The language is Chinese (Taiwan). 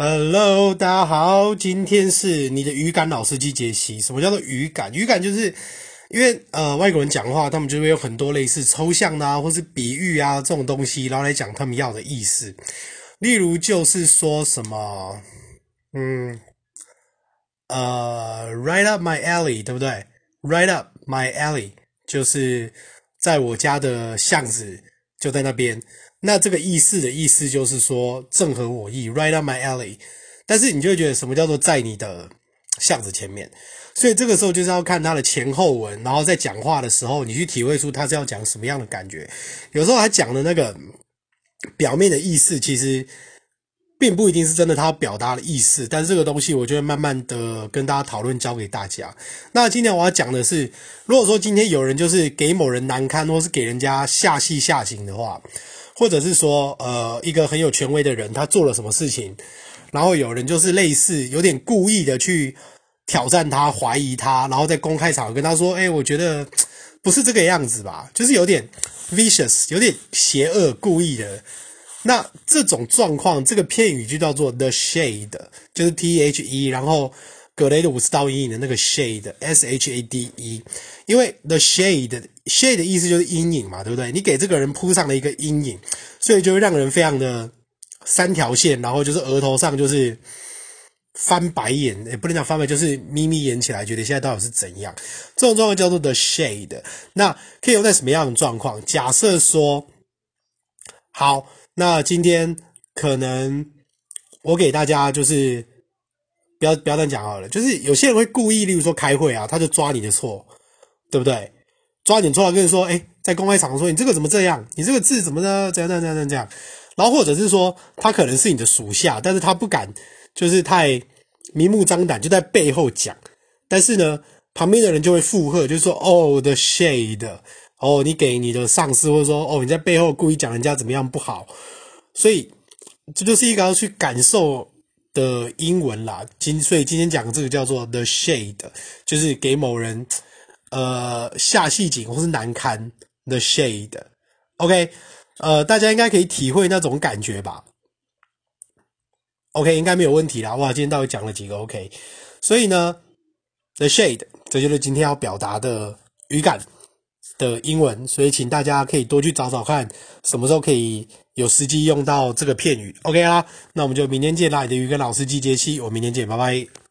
Hello，大家好，今天是你的語感老司機傑西。什麼叫做語感？語感就是因為呃外國人講的話，他們就會有很多類似抽象啊，或是比喻啊這種東西，然後來講他們要的意思。例如就是說什麼，嗯，呃，right up my alley，對不對？Right up my alley，就是在我家的巷子。就在那邊，那這個意思的意思就是說正合我意，right on my alley。但是你就會覺得什麼叫做在你的巷子前面？所以這個時候就是要看他的前後文，然後在講話的時候，你去體會出他是要講什麼樣的感覺。有時候他講的那個表面的意思，其實。並不一定是真的，他表達的意思，但是這個東西，我就會慢慢的跟大家討論，教給大家。那今天我要講的是，如果說今天有人就是給某人難堪，或是給人家下夕下井的話，或者是說，呃，一個很有權威的人，他做了什麼事情，然後有人就是類似有點故意的去挑戰他、懷疑他，然後在公開場合跟他說，誒、欸，我覺得不是這個樣子吧，就是有點 vicious，有點邪惡、故意的。那這種狀況，這個片語就叫做 the shade，就是 T H E，然後格雷的五十道陰影的那個 shade，S H A D E，因為 the shade shade 的意思就是陰影嘛，對不對？你給這個人鋪上了一個陰影，所以就會讓人非常的三條線，然後就是額頭上就是翻白眼，也不能講翻白，就是眯眯眼起來，覺得現在到底是怎樣？這種狀況叫做 the shade。那可以用在什麼樣的狀況？假設說好。那今天可能我給大家就是不要不要這樣講好了，就是有些人會故意，例如說開會啊，他就抓你的錯，對不對？抓你的錯，跟你說，哎、欸，在公開場合說你這個怎麼這樣，你這個字怎麼呢？這樣這樣這樣這樣，然後或者是說他可能是你的屬下，但是他不敢就是太明目張膽就在背後講，但是呢，旁邊的人就會附和，就說哦、oh，the shade。哦，你給你的上司，或者說，哦，你在背後故意講人家怎麼樣不好，所以這就是一個要去感受的英文啦。今所以今天講的這個叫做 the shade，就是給某人呃下夕井或是難堪 the shade。OK，呃，大家應該可以體會那種感覺吧？OK，應該沒有問題啦。哇，今天到底講了幾個？OK，所以呢，the shade，這就是今天要表達的語感，的英文，所以請大家可以多去找找看，什麼時候可以有實際用到這個片語，OK 啦、啊？那我們就明天見，啦，你的語感老師機傑西，我明天見，拜拜。